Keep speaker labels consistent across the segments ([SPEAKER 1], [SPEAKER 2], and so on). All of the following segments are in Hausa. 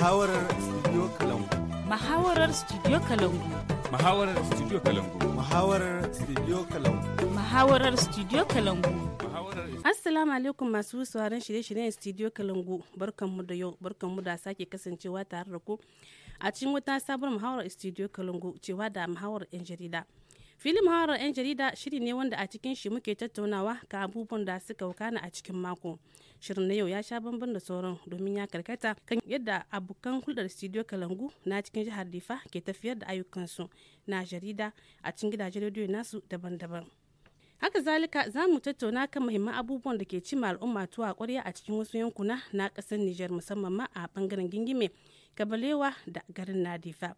[SPEAKER 1] Muhawarar Studio Kalangu.
[SPEAKER 2] Muhawarar Studio Kalangu.
[SPEAKER 3] Muhawarar Studio Kalangu. Muhawarar Studio Kalangu. Muhawarar Studio Kalangu.
[SPEAKER 2] Assalamu alaikum masu sauraron shirye-shiryen Studio Kalangu. Barkanmu da yau, barkanmu da sake kasancewa tare da ku a cikin wata sabon muhawarar Studio Kalangu cewa da muhawarar 'yan jarida. filin muhawarar 'yan jarida shiri ne wanda a cikin shi muke tattaunawa ka abubuwan da suka wakana a cikin mako shirin na yau ya sha bambam da sauran domin ya karkata kan yadda abokan hulɗar studio kalangu na cikin jihar difa ke tafiyar da ayyukansu na jarida a cikin gidajen rediyo nasu daban-daban haka zalika za mu tattauna kan muhimman abubuwan da ke cima al'umma tuwa ƙwarya a cikin wasu yankuna na ƙasar nijar musamman ma a bangaren gingime kabalewa da garin nadifa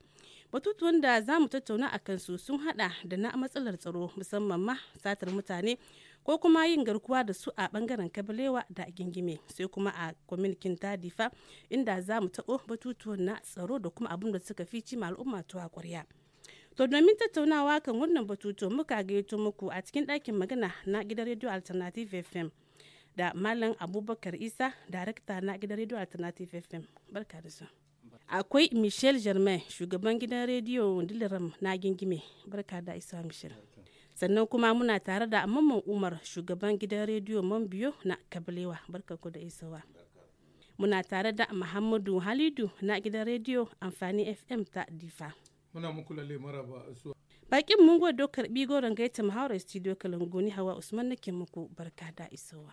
[SPEAKER 2] batutuwan da za mu tattauna a kansu sun hada da na matsalar tsaro musamman ma satar mutane ko kuma yin garkuwa da su a bangaren kabilewa da gingime sai kuma a kwamitin tadifa inda za mu taɓo batutuwan na tsaro da kuma abin da suka fi ma al'umma tuwa ƙwarya. To domin tattaunawa kan wannan batutu muka gayyato muku a cikin ɗakin magana na gidan Radio Alternative FM da Malam Abubakar Isa, darakta na gidan Radio Alternative FM. Barka da su. Akwai Michel Germain, shugaban gidan Radio dillaram na Gingime. Barka da Isa Michel. sannan kuma muna tare da mamman umar shugaban gidan rediyo mambiyo na kabilewa ku da isawa. muna tare da muhammadu halidu na gidan rediyo amfani fm ta difa
[SPEAKER 3] muna muku lalle maraba zuwa
[SPEAKER 2] bakin mun gwado karbi goron gaita muhawarar studio kalangoni hawa usman nake muku barka da isowa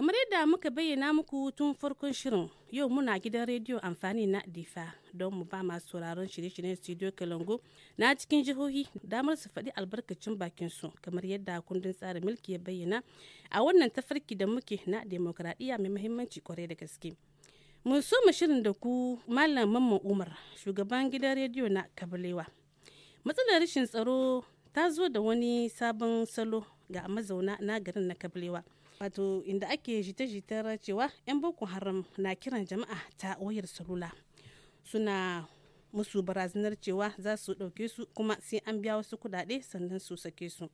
[SPEAKER 2] kamar yadda muka bayyana muku tun farkon shirin yau muna gidan rediyo amfani na difa don mu ba masu sauraron shirye-shiryen studio kalango na cikin jihohi damar su faɗi albarkacin bakin su kamar yadda kundin tsarin mulki ya bayyana a wannan tafarki da muke na demokradiyya mai muhimmanci kwarai da gaske mun so mu shirin da ku malam mamman umar shugaban gidan rediyo na kabalewa matsalar rashin tsaro ta zo da wani sabon salo ga mazauna na garin na kabalewa wato inda ake jita-jitar cewa 'yan boko haram na kiran jama'a ta wayar salula suna musu barazanar cewa za su dauke su kuma sai an biya wasu kudade sannan su sake su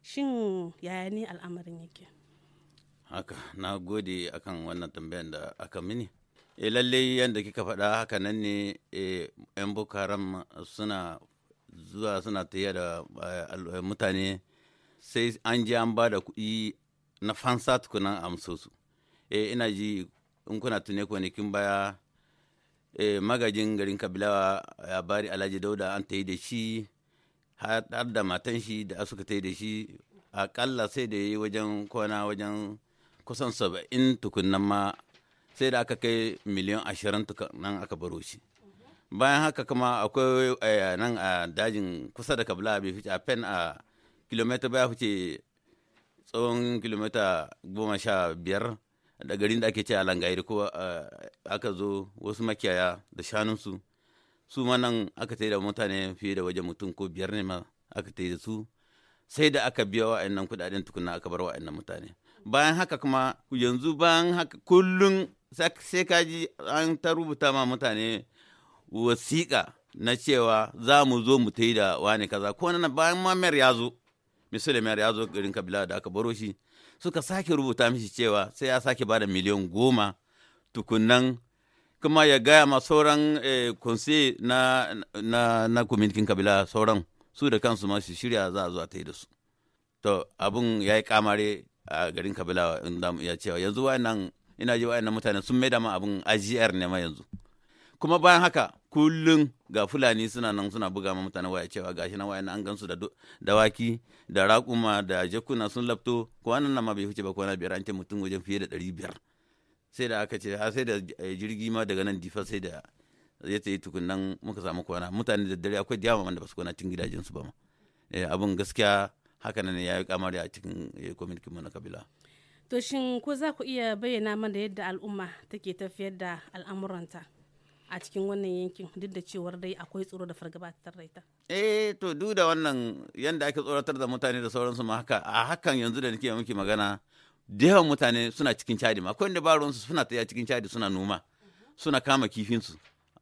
[SPEAKER 2] shin yaya ne al'amarin yake
[SPEAKER 4] haka na gode akan wannan tambayan da aka mini e eh, lallai yadda kika faɗa haka nan ne eh, yan boko haram suna zuwa suna tayar da eh, mutane sai an ji an ba da kuɗi na fansa tukunan amso su e, eh, ina ji in kuna tune kwanakin baya e, magajin garin Kabila, ya bari alhaji dauda an ta yi da shi har da matan shi da suka ta yi da shi akalla sai da yi wajen kwana wajen kusan saba'in tukunan ma sai da aka kai miliyan ashirin tukunan aka baro shi bayan haka kuma akwai eh, nan a dajin kusa da kabila bai fice a pen a kilomita baya fice tsawon kilomita goma sha biyar da garin da ake ce a langayir ko eh, aka zo wasu makiyaya da shanunsu su ma nan aka ta da mutane fiye da wajen mutum ko biyar ne ma aka tai da su sai da aka biya wa nan kudaden tukuna aka bar nan mutane bayan haka kuma yanzu bayan haka kullum sai ka ji an ta rubuta ma mutane wasiƙa na cewa za mu zo mu tai da wani kaza ko nan bayan mamayar ya zo Suleiman ya zo garin kabila da aka baro shi suka sake rubuta mishi cewa sai ya sake bada miliyan goma tukunan kuma ya gaya ma sauran eh, kunse na na kuminikin kabila sauran su da kansu ma su shirya za a zo a ta da su to abun ya yi kamare a garin kabila ya cewa yanzu wayannan ina ji wayannan mutane sun maida ma abun ajiyar ne ma yanzu kuma bayan haka kullum ga fulani suna nan suna buga ma mutane waya cewa gashi waya na an gansu da dawaki da raƙuma da jakuna sun lafto wannan nan ma bai huce ba na biyar an ce mutum wajen fiye da ɗari biyar sai da aka ce ha sai da eh, jirgi ma daga nan difa sai da ya ta yi tukunan muka samu kwana mutane da dare akwai diyama wanda ba su kwana cikin gidajensu ba ma eh, abin gaskiya haka nan ya yi kamari a cikin kwamitin eh, mu na kabila
[SPEAKER 2] to shin ko za ku iya bayyana mana yadda al'umma take tafiyar da al'amuranta a cikin wannan yankin duk da cewar dai akwai tsoro da fargaba ta tarraita.
[SPEAKER 4] Eh to duk da wannan yanda ake tsoratar da mutane da sauransu ma haka a hakan yanzu da nake miki magana da yawan mutane suna cikin cadi ma akwai wanda ba su suna taya cikin cadi suna noma suna kama kifinsu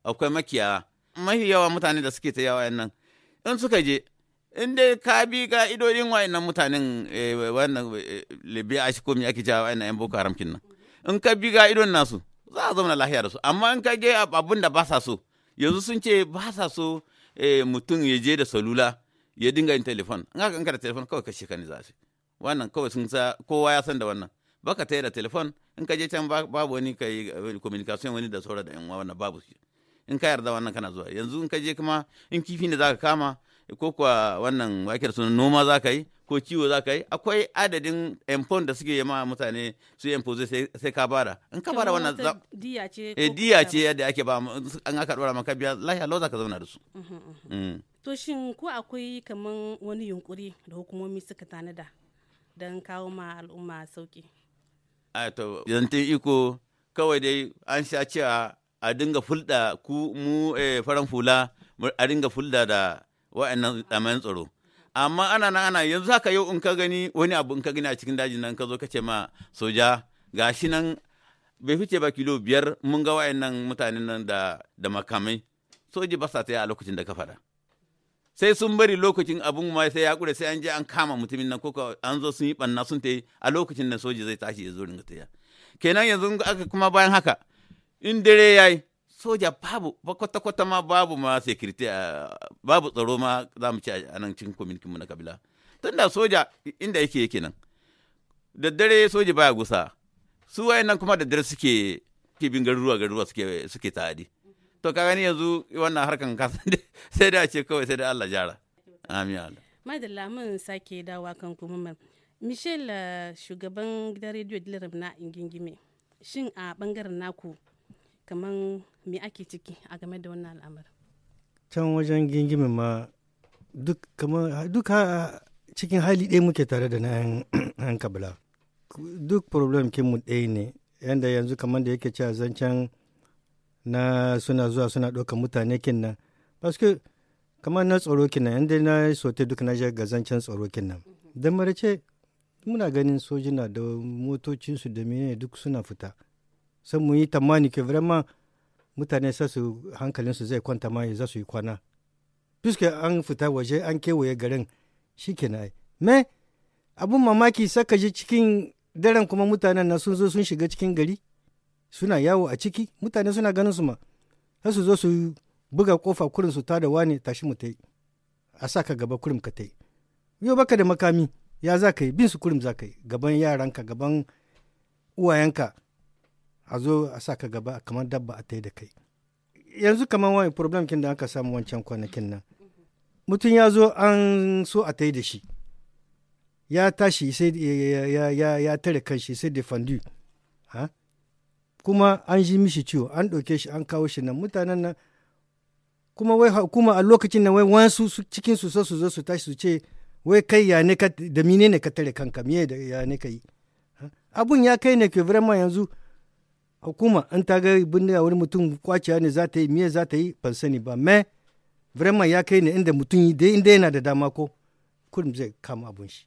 [SPEAKER 4] akwai makiya mafi yawa mutane da suke taya wayan nan in suka je in dai ka bi ga idodin wayannan mutanen eh, wannan eh, libya ashikomi ake jawa wayannan yan boko haram kin nan in ka bi ga idon nasu za a zauna lahiya da su amma in ka ga abin da ba sa so yanzu sun ce ba sa so eh, mutum ya je da salula ya dinga yin telefon in ka in da telefon kawai kashe ka ne za su wannan kawai sun sa kowa ya san da wannan baka ta da telefon in ka je can babu wani ka yi eh, communication wani da saura da yan wannan babu shi in ka yarda wannan kana zuwa yanzu in ka je kuma in kifi ne zaka kama ko kuwa wannan wakil sunan noma zaka yi ko ciwo za ka yi akwai adadin empon da suke ma mutane su impose sai ka bara in ka bara wannan za
[SPEAKER 2] diya eh,
[SPEAKER 4] diya ce yadda ake ba an aka dora maka biya lahiya lau za ka zauna da su mhm, mhm, mhm. Mm.
[SPEAKER 2] to shin ko akwai kaman wani yunkuri da hukumomi suka tanada don kawo ma al'umma sauki
[SPEAKER 4] a to yanzu iko kawai dai an sha cewa a dinga fulda ku mu eh, faran fula a dinga fulda da wa'annan tsamayin tsaro amma ana nan ana yanzu haka yau in ka gani wani abu in ka gani a cikin dajin nan ka zo ka ce ma soja gashi nan bai fice ba kilo biyar mun ga wayannan mutanen nan da makamai soji ba sa tsaya a lokacin da ka faɗa sai sun bari lokacin abun ma sai ya kure sai an je an kama mutumin nan ko an zo sun yi banna sun ta a lokacin da soji zai tashi ya zo ringa tsaya kenan yanzu aka kuma bayan haka in dare yayi soja babu ba kwata-kwata ma babu ma security ah, babu tsaro ma za mu ci a nan cikin community mu na kabila tunda soja inda yake yake nan da dare soja baya gusa su nan kuma da dare suke ke bin garuruwa garuruwa suke suke tadi to ka gani yanzu wannan harkan ka sai da ce kawai sai da Allah jara amin Allah
[SPEAKER 2] madalla mun sake dawa kan kuma Michel ah, shugaban gidan radio Dilarim na Ingingime shin a bangaren naku kaman me ake ciki a game da wannan al'amarin
[SPEAKER 5] can wajen gingimin ma duk kamar duk cikin hali ɗaya muke tare da na yan kabila duk problem mu ɗaya ne yanda yanzu kamar da yake cewa zancen na suna zuwa suna ɗaukar mutane kin nan paske kamar na tsaro kin nan yanda na sote duk na je ga zancen tsaro kin nan don marace muna ganin sojina da motocinsu da mene duk suna fita san mu yi tamani ke vraiment mutane sai su hankalinsu zai kwanta ma za su yi kwana puisque an fita waje an kewaye garin shi na me abun mamaki saka ji cikin daren kuma mutanen na sun zo sun shiga cikin gari suna yawo a ciki mutane suna ganin su ma sai su zo su buga kofa kurin su tada wane tashi mu tai a sa gaba kurin ka tai yau baka da makami ya za ka yi bin su kurin za ka yi gaban yaranka gaban uwayenka a zo a sa ka gaba kamar dabba a ta da kai yanzu kamar wani problem kin da aka samu wancan kwanakin nan mutum ya zo an so a ta da shi ya tashi sai ya tare kanshi sai defendu ha kuma an ji mishi ciwo an ɗauke shi an kawo shi nan mutanen nan kuma wai hukuma a lokacin nan wai wasu cikin su so su zo su tashi su ce wai kai ya ne da mine ne ka tare kanka miye da ya ne ka yi abun ya kai ne ke vraiment yanzu hukuma an ta ga bindiga wani mutum kwaciya ne za ta yi miye za ta yi ban sani ba me vraiment ya kai ne inda mutum yi dai inda yana da dama ko kurum zai kama abun shi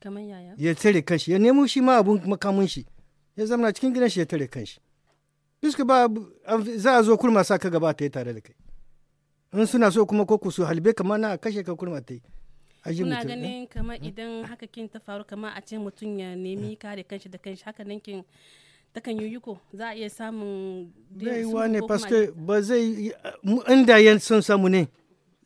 [SPEAKER 5] kamar yaya ya tare kanshi ya nemo shi ma abun makamun shi ya zama cikin gidan shi ya tare kanshi biska ba za a zo kurma sa ka gaba ta yi tare da kai in suna so kuma ko ku su halbe kamar na kashe ka kurma ta yi kuna eh? ganin kamar
[SPEAKER 2] idan haka kin ta faru kamar a ce mutum ya nemi kare kanshi da kanshi haka nan kin takan yi yuko za a iya samun baiwa ne paske
[SPEAKER 5] ba zai inda yan son samu ne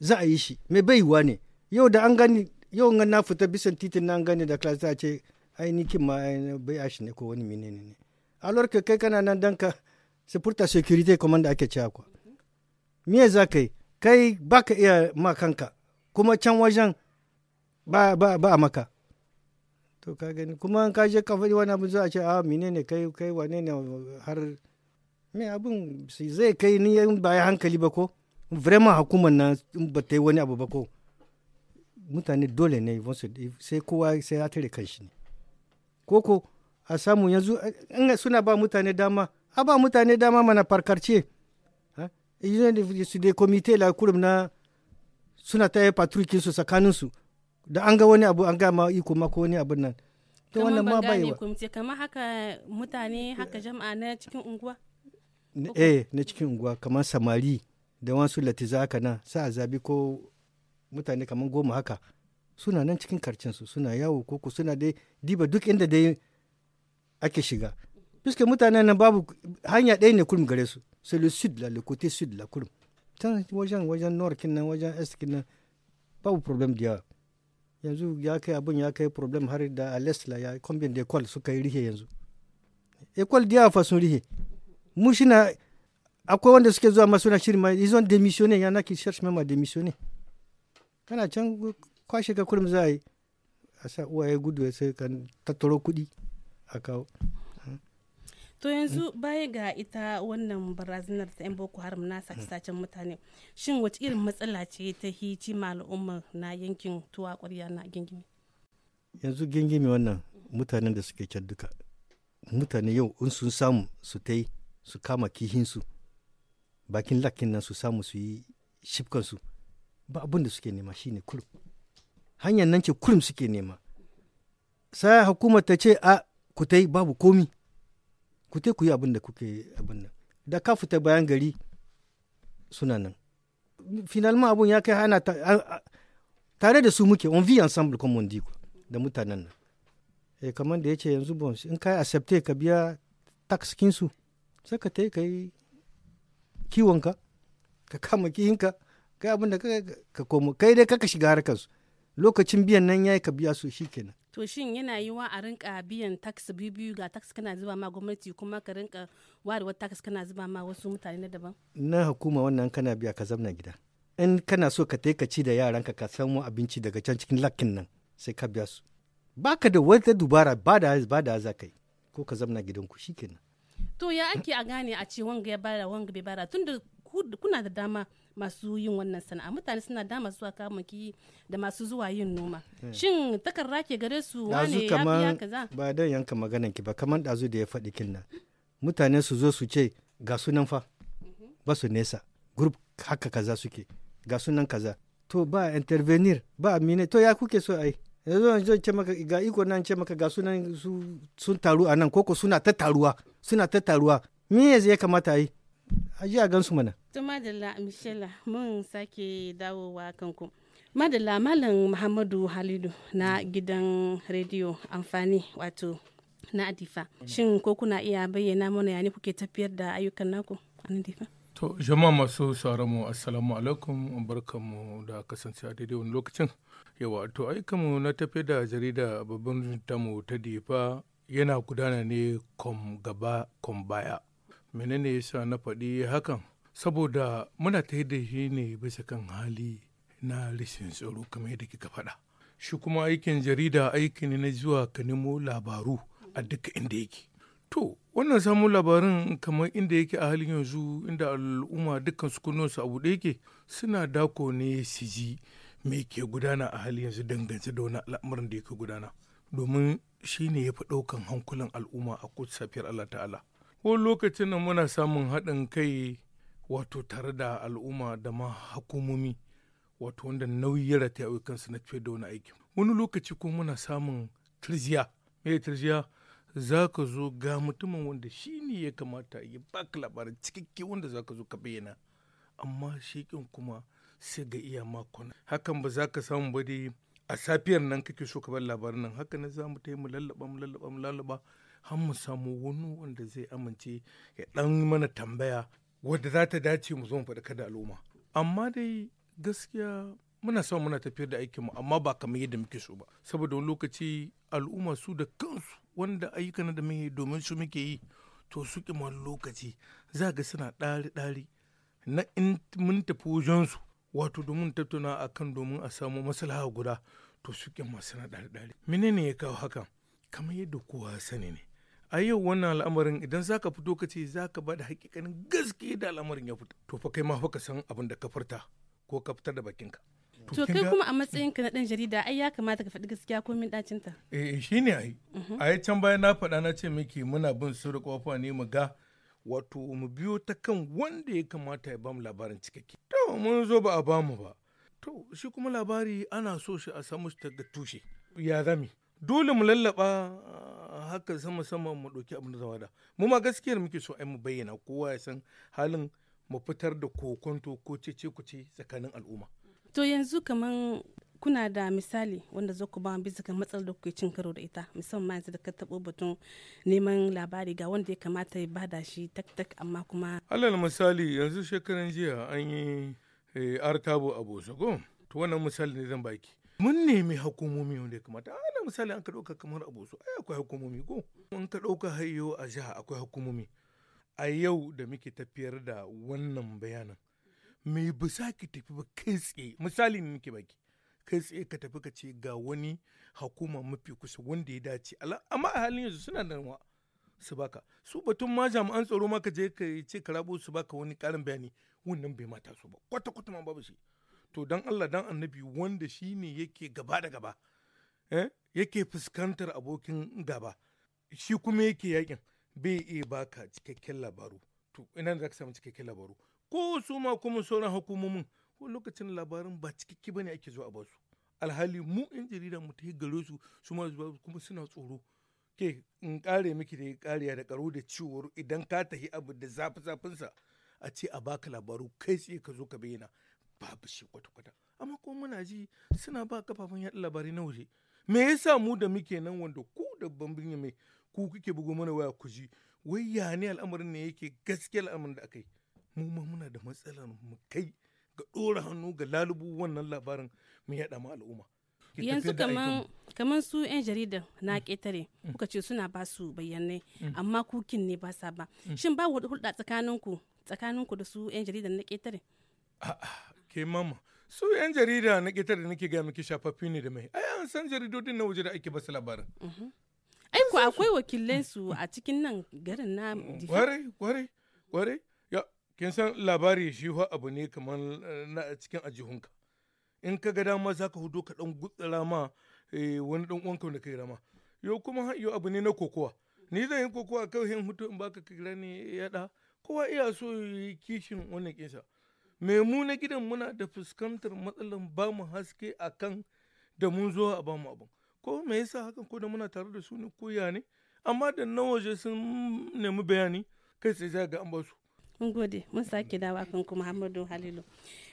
[SPEAKER 5] za a yi shi mai wa ne yau da an gani yau nga na fita bisan titin na an gani da class ta ce ainihin ma bai ashi ne ko wani menene ne alor ka kai kana nan danka sufurta security command ake cewa kwa me za ka yi kai baka iya ma kanka kuma can wajen ba ba ba maka to ka gani kuma ka je ka faɗi wani abin zuwa ce a ah, mine ne kai kai wane ne har me abin zai kai ni ba ya hankali ba ko vraiment hukumar nan ba ta yi wani abu ba ko mutane dole ne sai kowa sai ya tare kanshi ne koko a samu yanzu in suna ba mutane dama a ba mutane dama mana farkarce su dai komite la kurum na suna ta yi patrikin su tsakaninsu da an ga wani abu an ga ma iko mako wani abun nan to wannan ma bai wa
[SPEAKER 2] kamar haka mutane haka jama'a na cikin unguwa
[SPEAKER 5] eh na cikin unguwa kamar samari da wasu latiza haka nan sa a zabi ko mutane kamar goma haka suna nan cikin karcin su suna yawo ko ku suna dai diba duk inda dai ake shiga fiske mutanen nan babu hanya ɗaya ne kurum gare su sai le sud la le côté sud la kurum tan wajen wajen nord kin nan wajen est kin nan babu problem da yawa yanzu ya kai abin ya kai problem har da a lesla ya kombin da ekwal suka yi rihe yanzu ekwal da fa sun rihe mu shina akwai wanda suke zuwa masu suna shirin ma izon demissioner yana ki search ma demissioner kana can kwashe ka kurum za a yi a sa uwaye gudu ya sai kan tattaro kuɗi a kawo
[SPEAKER 2] to yanzu baya ga ita wannan barazanar ta 'yan boko haram na sace mutane shin wace irin matsala ce ta hici al'ummar na yankin tuwa kwarya na gingimi
[SPEAKER 5] yanzu gingimi wannan mutanen da suke can duka mutane yau in sun samu su ta su kama kihinsu bakin lakin nan su samu su yi shifkansu ba abin da suke nema shine kurum hanyar nan ce kurum suke nema sai hukumar ta ce a ku ta babu komi ku te ku yi abin da kuke abin nan da ka fita bayan gari suna nan finalman abun ya kai ana tare da su muke on vie ensemble comme on dit da mutanen nan eh kamar da yace yanzu bon in kai accepte ka biya tax kin su sai ka tai kai kiwon ka ka kama kihinka kai abin da ka komo kai dai ka shiga harkar su lokacin biyan nan yayi ka biya su shikenan
[SPEAKER 2] to shin yana wa a rinka biyan tax biyu ga tax kana zuba ma gwamnati kuma ka rinka warewa tax kana zuba ma wasu mutane na daban
[SPEAKER 5] na hukuma wannan kana biya ka zamna gida in kana so ka ka ci da yaranka ka samu abinci daga can cikin lakin nan sai ka biya su baka da wata dubara ba da ba da za ka yi ko ka zamna gidanku shikenan
[SPEAKER 2] to ya ake a gane a ce wanga ya bara wanga bai bara tunda kuna da dama masu yin wannan sana'a mutane suna dama zuwa kamaki da masu zuwa yin noma eh. shin takarda ke gare su wane ya biya kaza
[SPEAKER 5] ba da yanka maganan ki ba kaman dazu da ya faɗi kin nan mutane su zo su ce ga sunan fa ba su nesa group haka kaza suke ga sunan kaza to ba intervenir ba amine to ya kuke so ai yanzu an ce maka ga iko nan ce maka ga sunan su sun taru a nan koko suna ta taruwa suna ta taruwa me ya kamata ai ajiya gansu mana
[SPEAKER 2] tuma madalla la mun sake dawowa kanku madalla malam muhammadu halidu na gidan rediyo amfani wato na adifa shin ko kuna iya bayyana mana ya kuke tafiyar da ayyukan naku a adifa
[SPEAKER 3] to jama masu sauran mu assalamu alaikum barkanmu da kasance a daidai wani lokacin yawa to ayyukanmu na tafiyar da jarida babban tamu ta difa yana gudana ne kom gaba kom baya menene yasa na faɗi hakan saboda muna ta da shi ne bisa kan hali na rashin tsaro kamar yadda kika faɗa shi kuma aikin jarida aiki ne na zuwa ka nemo labaru a duka inda yake to wannan samun labarin kamar inda yake a halin yanzu inda al'umma dukkan su abu da yake suna dako ne su ji me ke gudana a halin yanzu dangance da wani al'amarin da yake gudana domin shi ne ya fi ɗaukan hankulan al'umma a kusa safiyar Allah ta'ala ko lokacin da muna samun haɗin kai wato tare da al'umma da ma hukumomi wato wanda nauyi ya rataya a kansu na fiye da wani aiki wani lokaci ko muna samun tirziya me tirziya za ka zo ga mutumin wanda shi ne ya kamata ya baka labarin cikakke wanda za ka zo ka bayyana amma shi kuma sai ga iya makon hakan ba za ka samu ba dai a safiyar nan kake so ka bar labarin nan haka na za mu ta mu lallaba mu lallaba mu lallaba har mu samu wani wanda zai amince ya ɗan mana tambaya wadda za ta dace mu zo mu faɗi kada al'umma amma dai gaskiya muna son muna tafiyar da aikinmu amma ba kamar yadda muke so ba saboda wani lokaci al'umma su da kansu wanda na da muke domin su muke yi to su kimar lokaci za ga suna ɗari-ɗari na in mun tafi wajensu wato domin tattauna a kan domin a samu maslaha guda to su kimar suna ɗari-ɗari menene ya kawo haka kamar yadda kowa sani ne a yau wannan al'amarin idan za zaka fito ka ce zaka bada hakikanin gaske da al'amarin ya fito to fa kai ma fa ka san abin da ka furta ko ka fitar da bakinka to kai kuma a
[SPEAKER 2] matsayin ka na dan jarida ai ya kamata ka faɗi gaskiya ko min dacin ta
[SPEAKER 3] eh, eh shine ai mhm. ai can baya na faɗa na ce miki muna bin su kofa ne mu ga wato mu biyo ta kan wanda ya kamata ya bamu labarin cikakke to mun zo ba a bamu ba to shi kuma labari ana so shi a samu shi daga tushe ya zami dole mu lallaba haka sama sama mu ɗauki abin da zawada mu ma gaskiyar muke so ai mu bayyana kowa ya san halin mu fitar da kokonto ko cece kuce tsakanin al'umma
[SPEAKER 2] to yanzu kaman kuna da misali wanda zo ku ba bisa ga matsalar da kuke cin karo da ita musamman yanzu da ka taɓo batun neman labari ga wanda ya kamata ya bada shi tak tak amma kuma
[SPEAKER 3] alal misali yanzu shekaran jiya an yi eh, artabo a bosogo to wannan misali ne zan baki mun nemi hukumomi wanda ya kamata ana misali an ka dauka kamar su ai akwai hukumomi ko an ka dauka hayo a jiha akwai hukumomi a yau da muke tafiyar da wannan bayanin mai bisa ki tafi ba kai tsaye misali ne muke baki kai tsaye ka tafi ka ce ga wani hukuma mafi kusa wanda ya dace amma a halin yanzu suna da su baka su batun ma jami'an tsaro ma ka je ka ce ka rabo su baka wani karin bayani wannan bai mata su ba kwata kwata ma babu shi to dan Allah dan annabi wanda shi ne yake gaba da gaba eh, yake fuskantar abokin gaba shi kuma yake yakin bai iya baka cikakken labaru to ina da ka samu cikakken labaru ko su ma kuma sauran hukumomin ko lokacin labarin ba cikakke bane ake zuwa ba su alhali mu in jarida mu ta gare su su ma kuma suna tsoro ke in kare miki da kariya da karo da ciwo idan ka tafi abu da zafi zafinsa a ce a baka labaru kai tsaye ka zo ka bayyana babu shi kwata-kwata amma ko muna ji suna ba kafafen yaɗa labarai na waje me yasa mu da muke nan wanda ku da bambin mai ku kuke bugo mana waya ku ji wai ya ne al'amarin ne yake gaskiya al'amarin da aka yi mu ma muna da matsalar mu kai ga ɗora hannu ga lalubu wannan labarin mu yaɗa ma al'umma yanzu
[SPEAKER 2] kamar su 'yan jarida na mm. ƙetare mm. kuka ce suna ba su bayanai mm. amma kukin ne ba sa ba shin ba hulɗa tsakaninku tsakaninku da su 'yan jarida na ƙetare
[SPEAKER 3] a'a ke mama su yan jarida na ƙetare da nake gaya miki shafaffi ne da mai ai an san jaridodin na waje da ake basu labarin mhm. ai ku akwai wakilan su a cikin nan garin na kwarai ya kin san labari shi fa abu ne kamar eh, na cikin ajihunka in ka ga dama za ka hudo ka dan gutsara ma eh, wani dan ka da kai rama yo kuma yo abu ne na kokowa ni zan yi kokowa kawai in hutu in baka kira ne ya da kowa iya so kishin wannan kisa. mai mu na gidan muna da fuskantar matsalar ba mu haske a kan da mun zo a ba mu abin ko me yasa hakan ko da muna tare da su ne ko ya ne amma da na waje sun nemi bayani kai sai za ga an ba su
[SPEAKER 2] mun gode mun sake dawa kan ku muhammadu halilu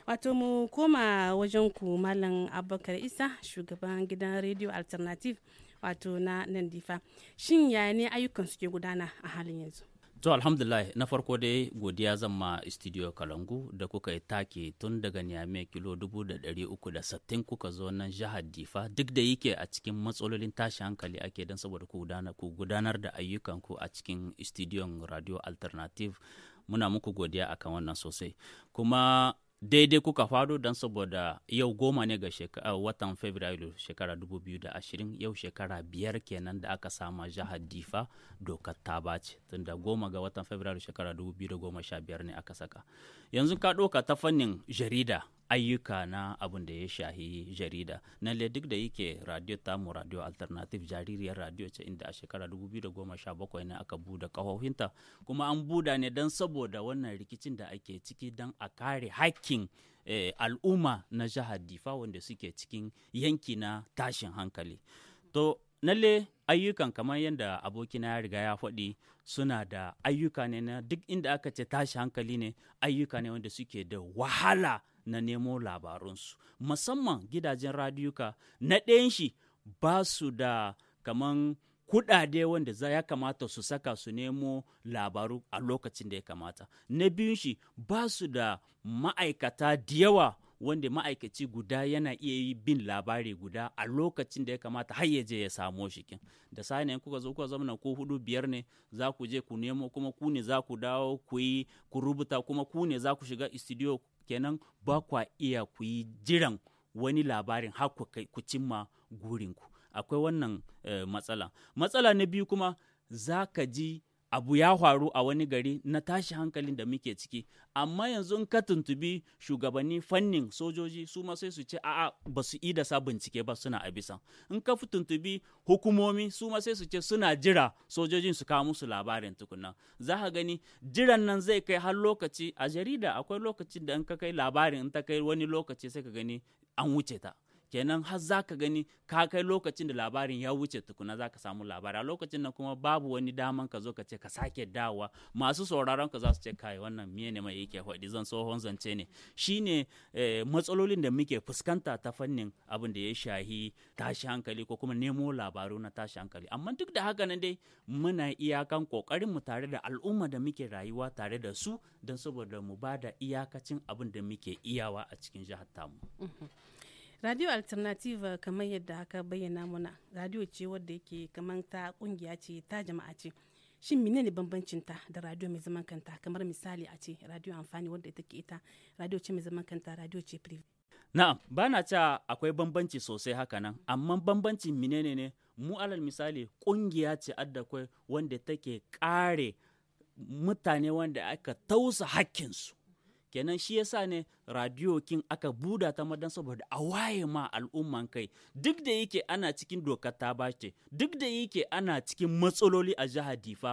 [SPEAKER 2] wato mu koma wajen ku malam abubakar isa shugaban gidan radio alternative wato na nan difa shin yaya ne ayyukan suke gudana a halin yanzu
[SPEAKER 1] To alhamdulillah na farko dai godiya zan ma studio Kalangu da kuka yi take tun daga Niamey kilo dubu da ɗari uku da sattin kuka zo nan jihar Difa duk da yake a cikin matsalolin tashi hankali ake don saboda ku gudanar da ayyukanku a cikin studio Radio Alternative muna muku godiya akan wannan sosai kuma daidai kuka faro don saboda yau goma ne ga uh, watan fabrairu shekara 2020 yau shekara biyar kenan da aka sama jihar difa dokar ta bace tunda goma ga watan fabrairu shekara 2015 ne aka saka yanzu ka doka ta fannin jarida ayyuka na abin da ya shahi jarida na le duk da yake radio tamu radio alternative jaririyar radio ce inda a shekara 2017 ne aka buda kahohinta kuma an buda ne don saboda wannan rikicin da ake ciki don a kare hakkin eh, al'umma na jihar difa wanda suke cikin yanki na tashin hankali to nalle ayyukan kamar yadda abokina ya riga ya faɗi suna da ayyuka ne na duk inda aka ce tashi hankali ne ayyuka ne wanda suke da wahala na nemo labarunsu musamman gidajen radiyuka na ɗayan shi ba su da kaman kuɗaɗe wanda za ya kamata su saka su nemo labaru a lokacin da ya kamata na biyun shi ba su da ma'aikata da yawa wanda ma'aikaci guda yana iya yi bin labari guda a lokacin da ya kamata har ya je ya samo shi kin da sani kuka zo kuka zama ko hudu biyar ne za ku je ku nemo kuma ku ne za ku dawo ku yi ku rubuta kuma ku ne za ku shiga studio kenan ba kwa iya ku yi jiran wani labarin har ku cimma gurinku akwai wannan eh, matsala matsala na biyu kuma za ka ji abu ya faru a wani gari na tashi hankalin da muke ciki amma yanzu ka tuntubi shugabanni fannin sojoji su ma sai su ce a'a ba su yi da bincike ba suna a bisa in ka fi tuntubi hukumomi su ma sai su ce suna jira sojojin su kawo musu labarin tukuna za ka gani jiran nan zai kai har lokaci a jarida akwai lokacin da in ka kai labarin in ta kai wani lokaci sai ka gani an wuce ta kenan har za ka gani ka kai lokacin da labarin ya wuce tukuna za ka samu labari a lokacin nan kuma babu wani daman ka zo ka ce ka sake dawa masu sauraron ka za su ce kai wannan miye ne mai yake faɗi zan tsohon zance ne shine eh, matsalolin da muke fuskanta ta fannin abin da ya shahi tashi hankali ko kuma nemo labaru na tashi hankali amma duk da haka nan dai muna iyakan kokarin mu tare da al'umma da muke rayuwa tare da su don saboda mu bada iyakacin abin da muke iyawa a cikin jihar tamu.
[SPEAKER 2] Mm-hmm. radio alternative kamar yadda aka bayyana muna radio ce wadda yake kamar ta kungiya ce ta jama'a ce shin ne bambancin ta da radio mai zaman kanta kamar misali a ce radio amfani wadda ita ke ita radio ce mai zaman kanta radio ce privé
[SPEAKER 1] na ba na cewa akwai bambanci sosai haka nan amma bambancin ne ne mu alal misali kungiya ce adda kwai wanda take kare mutane wanda aka tausa hakkinsu kenan shi yasa ne radio kin aka buda ta madan saboda a waye ma al'umman kai duk da yake ana cikin dokar ta bace duk da yake ana cikin matsaloli a jihar difa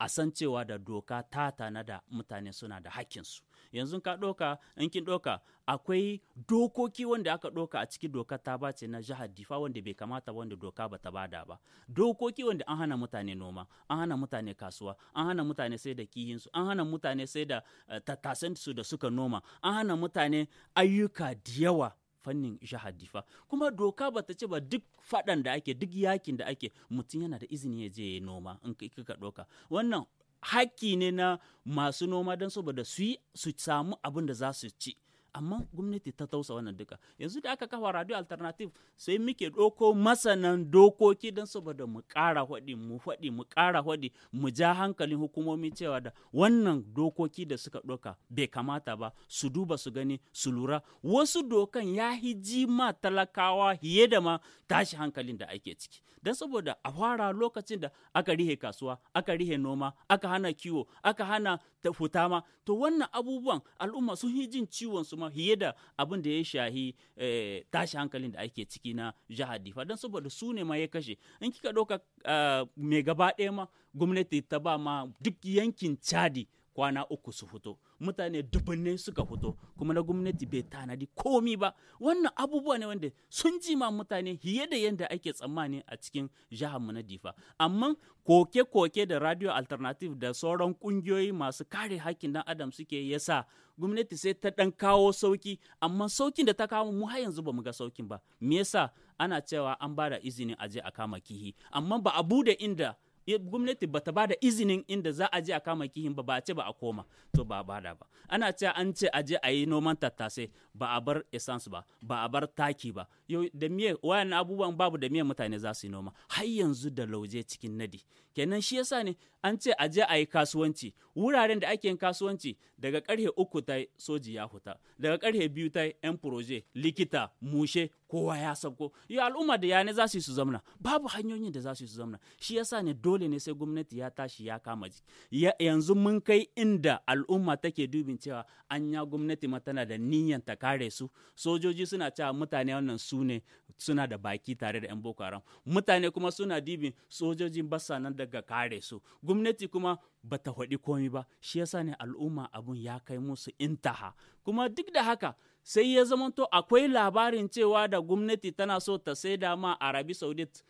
[SPEAKER 1] a san cewa da doka ta tana da mutane suna da hakkinsu yanzu ka ɗoka in kin ɗoka akwai dokoki wanda aka ɗoka a cikin doka ta bace na jihar difa wanda bai kamata wanda doka bata bada ba dokoki wanda an hana mutane noma an hana mutane kasuwa an hana mutane sai da kihinsu an hana mutane sai da eh, su da suka noma an hana mutane ayyuka da yawa fannin jihar difa kuma doka bata ce ba duk faɗan da ake duk yakin da ake mutum yana da izini ya je ya noma in ka ɗoka wannan haƙƙi ne na masu noma don saboda su yi su samu abin da za su ci amma gwamnati ta tausa wannan duka yanzu da aka kafa radio alternative sai muke ɗauko masanan dokoki don saboda mu ƙara haɗi mu faɗi mu ƙara haɗi mu ja hankalin hukumomi cewa da wannan dokoki da suka ɗauka bai kamata ba su duba su gani su lura wasu dokan ya hiji ma talakawa hiye da ma tashi hankalin da ake ciki don saboda a fara lokacin da aka rihe kasuwa aka rihe noma aka hana kiwo aka hana fita ma to wannan abubuwan al'umma sun yi jin ciwon su ma fiye da abin da ya shahi eh, tashi hankalin da ake ciki na jihar difa don saboda su ne ma ya kashe in kika ɗauka ah, mai gaba ɗaya ma gwamnati ta ba ma duk yankin chadi kwana uku su fito mutane dubunne suka fito kuma na gwamnati bai tanadi komi ba wannan abubuwa ne wanda sun ji ma mutane hiye da yadda ake tsammani a cikin mu na difa amma koke-koke da radio alternative da sauran kungiyoyi masu kare hakkin dan adam suke yasa gwamnati sai ta dan kawo sauki amma saukin da ta kawo mu har yanzu bamu ga saukin ba me yasa ana cewa an bada da izini aje a kama kihi amma ba a bude inda gwamnati bata ba da izinin inda za a je a kama kihin ba ba ce ba a koma to ba da ba ana ce an ce a je a yi noman tattase ba a bar essence ba ba a bar taki ba yau da miye wayan abubuwan babu da miye mutane za su yi noma har yanzu da lauje cikin nadi kenan shi yasa ne an ce a je a yi kasuwanci wuraren da ake yin kasuwanci daga karhe uku ta soji ya huta daga karhe biyu ta yan proje likita mushe kowa ya sauko yi al'umma da yane za su su zamna babu hanyoyin da za su su zamna shi yasa ne dole ne sai gwamnati ya tashi ya kama ji yanzu mun kai inda al'umma take dubin cewa an ya gwamnati ma tana da niyan ta kare su sojoji suna cewa mutane wannan su ne suna da baki tare da 'yan boko haram mutane kuma suna dibin sojojin basa nan daga kare su gwamnati kuma ba ta haɗi komi ba shi yasa ne al'umma abun ya kai musu intaha kuma duk da haka sai ya zamanto akwai labarin cewa da gwamnati tana so ta sai da ma arabi saudit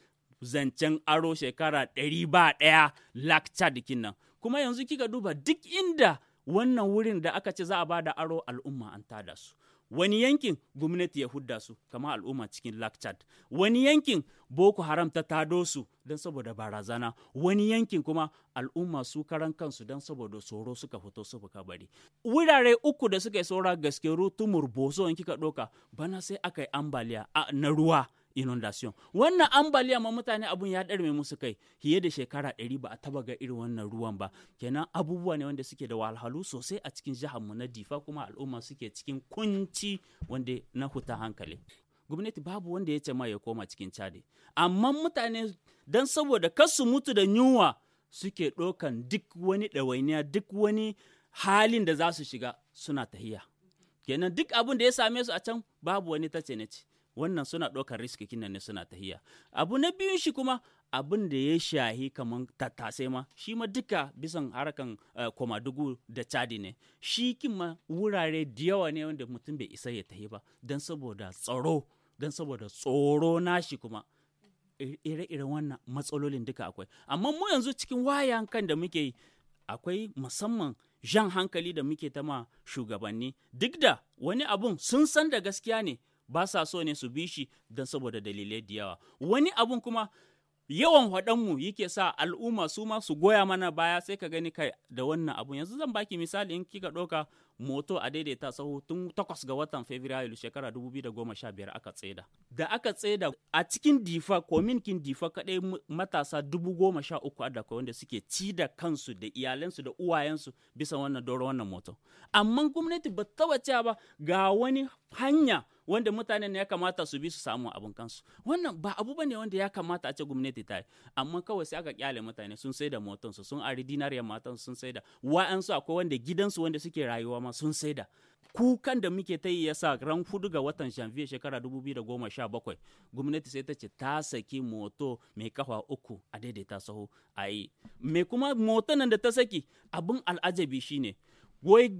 [SPEAKER 1] zancen aro shekara ɗari ba ɗaya lakca dikin nan kuma yanzu kika duba duk inda wannan wurin da aka ce za a ba da aro al'umma an tada su wani yankin gwamnati ya hudda su kamar al'umma cikin lakchad wani yankin Boko Haram ta tado su don saboda barazana wani yankin kuma al'umma su karan kansu don saboda tsoro suka fito su fuka bari wurare uku da suka yi saura gaske tumur bozo in kika ɗauka bana sai aka yi ambaliya na ruwa inundation wannan ambaliya ma mutane abun ya ɗarme musu kai fiye da shekara ɗari ba a taba ga irin wannan ruwan ba kenan abubuwa ne wanda suke da wahalhalu sosai a cikin jihar mu na difa kuma al'umma suke cikin kunci wanda na huta hankali gwamnati babu wanda ya ce ma ya koma cikin cadi amma mutane dan saboda kar su mutu da yunwa suke ɗaukan duk wani ɗawainiya duk wani halin da za su shiga suna tahiya kenan duk abin da ya same su a can babu wani tace na ci wannan suna ɗaukar riski kinan ne suna tahiya abu na biyun shi kuma abin da ya shahi kamar tattasai ma shi ma duka bisan harkan eh, dubu da cadi ne shi kin ma wurare da yawa ne wanda mutum bai isa ya tahi ba don saboda tsaro don saboda tsoro nashi kuma ire-iren wannan matsalolin duka akwai amma mu yanzu cikin wayan kan da muke akwai musamman jan hankali da muke ta ma shugabanni duk da wani abun sun san da gaskiya ne ba sa so ne su bi shi don saboda dalilai da yawa wani abun kuma yawan mu yake sa al'umma su ma su goya mana baya sai ka gani kai da wannan abun yanzu zan baki misali in kika ɗauka moto a daidaita sahu tun takwas ga watan fabrairu shekara 2015 aka tseda da aka tseda a cikin difa kominkin difa kaɗai matasa 13,000 da wanda suke ci da kansu da iyalansu da uwayensu bisa wannan doro wannan moto amma gwamnati ba taba ba ga wani hanya wanda mutanen ne ya kamata su bi su samu abin kansu wannan ba abu bane wanda ya kamata a ce gwamnati ta yi amma kawai sai aka kyale mutane sun sai da motansu sun ari dinariyar matan sun sai da wa'ansu akwai wanda gidansu wanda suke rayuwa ma sun sai da kukan da muke ta yi ya sa ran hudu ga watan janvier shekara 2017 gwamnati sai ta ce ta saki moto mai kafa uku a daidaita saho a yi mai kuma moto nan da ta saki abin al'ajabi shine wai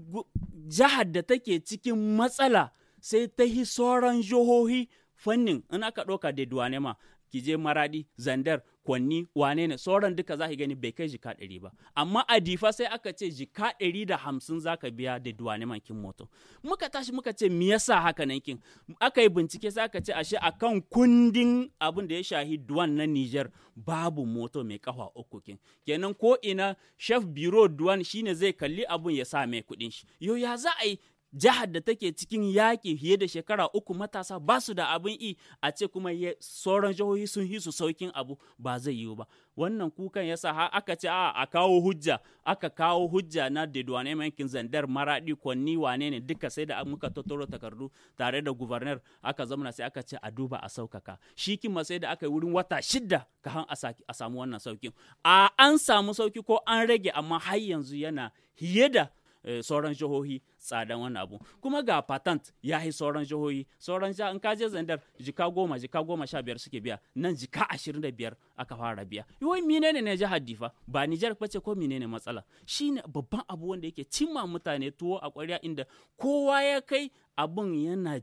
[SPEAKER 1] jihar da take cikin matsala sai ta yi sauran jihohi fannin in aka ɗauka da duwane ma ki je maradi zandar kwanni wane ne sauran duka za ki gani bai kai jika ɗari ba amma a difa sai aka ce jika ɗari da hamsin za ka biya da duwane kin moto muka tashi muka ce me yasa haka nan kin aka yi bincike sai aka ce ashe a kan kundin abin da ya shahi duwan na Nijar babu moto mai kafa uku kin kenan ko ina chef biro duwan shine zai kalli abun ya sa mai kuɗin shi yo ya za a yi jihar da take cikin yaƙi fiye da shekara uku matasa ba su da abin i a ce kuma sauran jihohi sun su saukin abu ba zai yiwu ba wannan kukan yasa har aka ce a kawo hujja aka kawo hujja na dedwane yankin zandar maradi kwanni wane ne duka sai da muka tattaro takardu tare da gubernar aka zamana sai aka ce a duba a saukaka shi kima sai da aka yi wurin wata shida ka han a samu wannan saukin a an samu sauki ko an rage amma har yanzu yana hiye da Eh, sauran jihohi tsadan wani abu kuma ga patent ya yi sauran jihohi sauran jiha in ka je zandar jika goma jika goma sha biyar suke biya nan jika ashirin da biyar aka fara biya yawai menene ne jihar difa ba nijar ba ce ko menene matsala shine babban abu wanda yake cimma mutane tuwo a kwarya inda kowa ya kai abun yana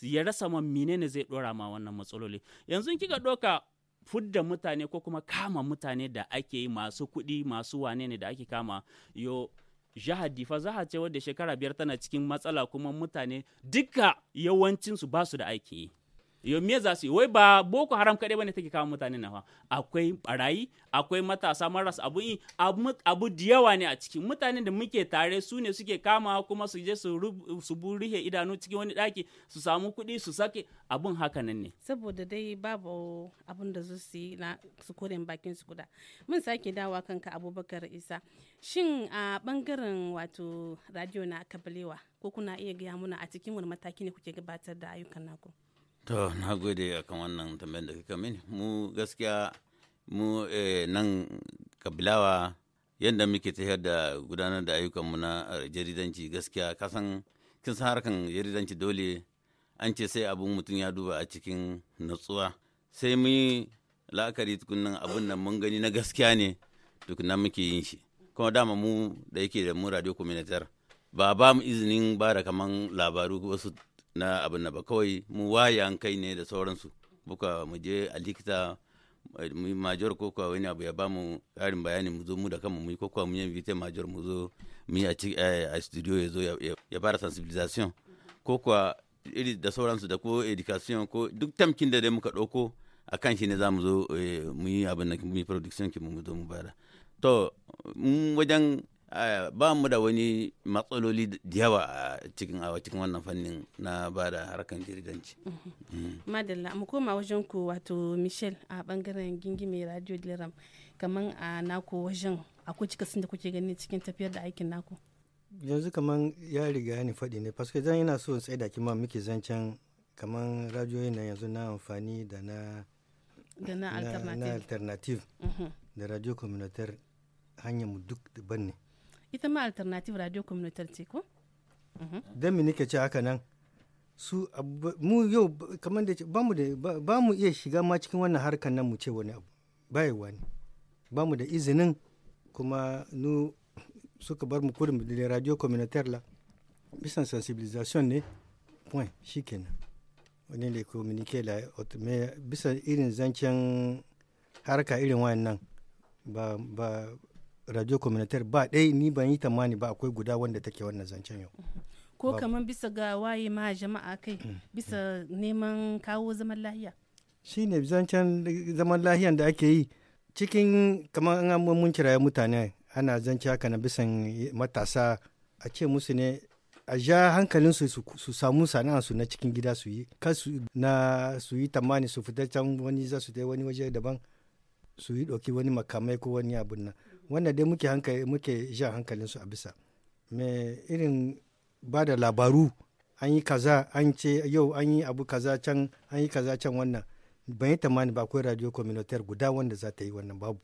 [SPEAKER 1] ya rasa man menene zai dora ma wannan matsaloli yanzu kika doka fudda mutane ko kuma kama mutane da ake yi masu kuɗi masu wane ne da ake kama yo jihar difa jiha ce wadda shekara biyar tana cikin matsala kuma mutane duka yawancinsu ba su da aiki yau me za su yi wai ba boko haram kaɗai bane take kawo mutane na fa akwai barayi akwai matasa maras abu yi abu da yawa ne a ciki mutane da muke tare su ne suke kama kuma su je su burihe idanu cikin wani daki su samu kuɗi su sake abun haka nan ne
[SPEAKER 2] saboda dai babu abun da su yi na su koren bakin su guda mun sake dawa kanka abubakar isa shin a bangaren wato radio na kabalewa ko kuna iya gaya muna a cikin wani mataki ne kuke gabatar da ayyukan naku
[SPEAKER 4] To, na gode akan wannan tambayar da kika mini. Mu gaskiya mu eh, nan kabilawa yadda muke tafiyar da gudanar da ayyukanmu na eh, jaridanci gaskiya kasan kin san harkan jaridanci dole an ce sai abun mutum ya duba a cikin natsuwa sai yi la'akari tukunan abun nan mun gani na gaskiya ne tukunan muke yin shi kuma dama mu da yake da mu radio communitar ba ba mu izinin ba da kaman labaru wasu na abin na ba kawai mu an kai ne da sauransu buka mu je a likita mu yi major ko kuwa wani abu ya ba mu karin bayani mu zo mu da kanmu mu yi ko kuwa mu yi invite major mu zo mu yi a ci eh, a studio ya zo ya fara sensibilisation ko kuwa iri da sauransu da ko education ko duk tamkin da dai muka ɗauko a kan shi ne za mu zo eh, mu yi abin da mu yi production ki mu zo mu bada to wajen Eh, ba mu da wani matsaloli da yawa a cikin a cikin wannan fannin na ba da harkar jirganci.
[SPEAKER 2] Mm-hmm. madalla mu koma wajen ku wato michel a bangaren gingime radio diram kamar a nako wajen akwai cikasin da kuke gani cikin tafiyar da aikin nako.
[SPEAKER 5] yanzu kamar ya riga ni faɗi ne paske zan yana so tsaye da kima muke zancen kamar radio na yanzu na amfani da na na alternative mm-hmm. da radio communautaire hanyar mu duk daban ne
[SPEAKER 2] ita ma alternative radio communautaire ce ko
[SPEAKER 5] mhm. dan mi nake ce haka nan su mu yau kamar da ba mu iya shiga ma cikin wannan harkar nan mu ce wani abu bai wani ba mu da izinin kuma nu suka bar mu kurin da radio communautaire la bisan sensibilisation ne point shikenan wani ne communique la bisa irin zancen harka irin wayannan ba ba radio communautaire ba ɗai ni ban yi tamani ba akwai guda wanda take wannan zancen yau
[SPEAKER 3] ko
[SPEAKER 2] kamar bisa ga waye ma jama'a kai mm, bisa mm. neman kawo zaman lahiya
[SPEAKER 5] shi zancen zaman lahiyan da ake yi cikin kamar an mun kiraye mutane ana zance haka na bisan matasa a ce musu ne a ja hankalin su samu su na cikin gida su yi kar su na su yi tamani su fita can wani za su wani waje daban su yi ɗauki wani makamai ko wani abun nan wannan dai muke hankali muke jan hankalin su a bisa me irin ba da labaru an yi kaza an ce yau an yi abu kaza can an yi kaza can wannan ban yi tamani ba akwai radio communautaire guda wanda za ta yi wannan babu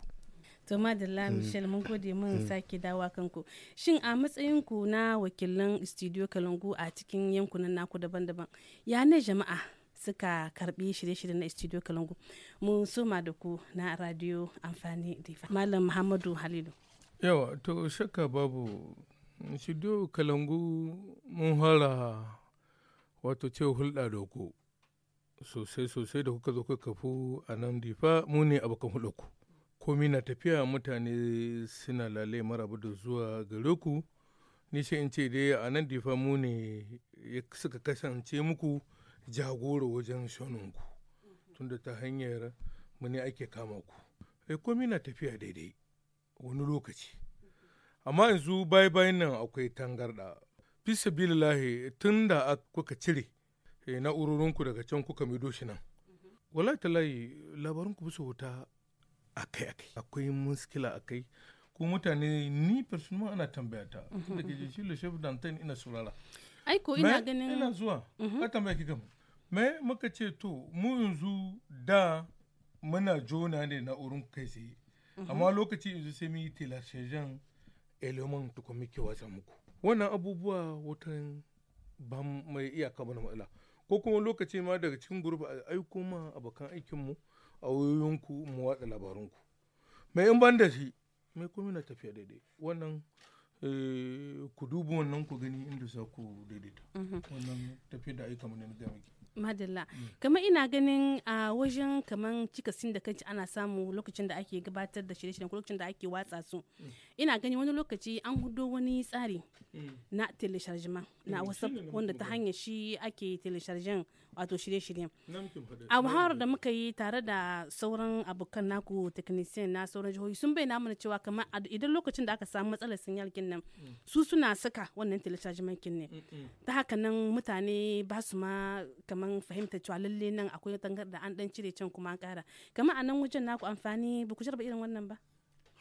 [SPEAKER 2] to madalla lamishal mm. mun gode mun mm. sake dawa kanku shin a matsayinku na wakilan studio kalangu a cikin yankunan naku daban-daban ya ne jama'a suka karbi shirye-shirye na studio kalangu mun suma da ku na radio amfani da malam muhammadu halilu
[SPEAKER 3] yawa to shakka babu studio kalangu mun hara wato ce hulɗa da ku sosai sosai da kuka zo kuka kafu a nan difa mu ne abokan hulɗa ku komi na tafiya mutane suna lale marabu da zuwa gare ku nishe in ce dai a nan difa mu ne suka kasance muku jagoro wajen shanunku tunda ta hanyar muni ake kama ku e eh, komi na tafiya daidai wani lokaci amma yanzu bai bayan nan akwai tangarda fisa bilillahi tun da kuka cire eh, na'urorinku daga can kuka mido shi nan wallahi talayi labarin ku bisa wuta akai akai akwai muskila akai ko mutane ni personal ana tambayata. ta da ke shi le chef d'antenne ina surara
[SPEAKER 2] aiko ina ganin ina
[SPEAKER 3] zuwa ka mhm. tambaya ki mu me muka ce to mu yanzu da muna jona ne na urun kai sai mhm. amma lokaci yanzu sai mun yi tilashejen eleman kuma muke wasa muku wannan abubuwa watan ba mai iyaka ba na matsala ko kuma lokaci ma daga cikin gurbi a aiko ma abokan aikinmu a wayoyinku mu watsa labarunku mai in ban da shi mai kuma na tafiya daidai wannan Eh, ku dubu wannan ku gani inda za ku daidaita wannan tafiyar da aika mana na
[SPEAKER 2] madalla mm. kamar ina ganin a wajen kamar cikasin da kanci ana samu lokacin da ake gabatar da shirye-shiryen ko lokacin da ake watsa su mm. ina gani wani lokaci an hudo wani tsari mm. na telesharjima na eh, whatsapp wanda ta hanyar shi ake telesharjin wato shirye-shiryen amhar da muka yi tare da sauran abokan naku technician na sauran jihohi sun bayyana mana cewa kamar idan lokacin da aka samu matsalar sinyal kin nan mm. su suna saka wannan telechargement kin ne mm, mm. ta haka nan mutane ba su ma kamar fahimta cewa lalle nan akwai da an dan cire can kuma an kara kamar a nan wajen naku amfani ba ku jarba irin wannan ba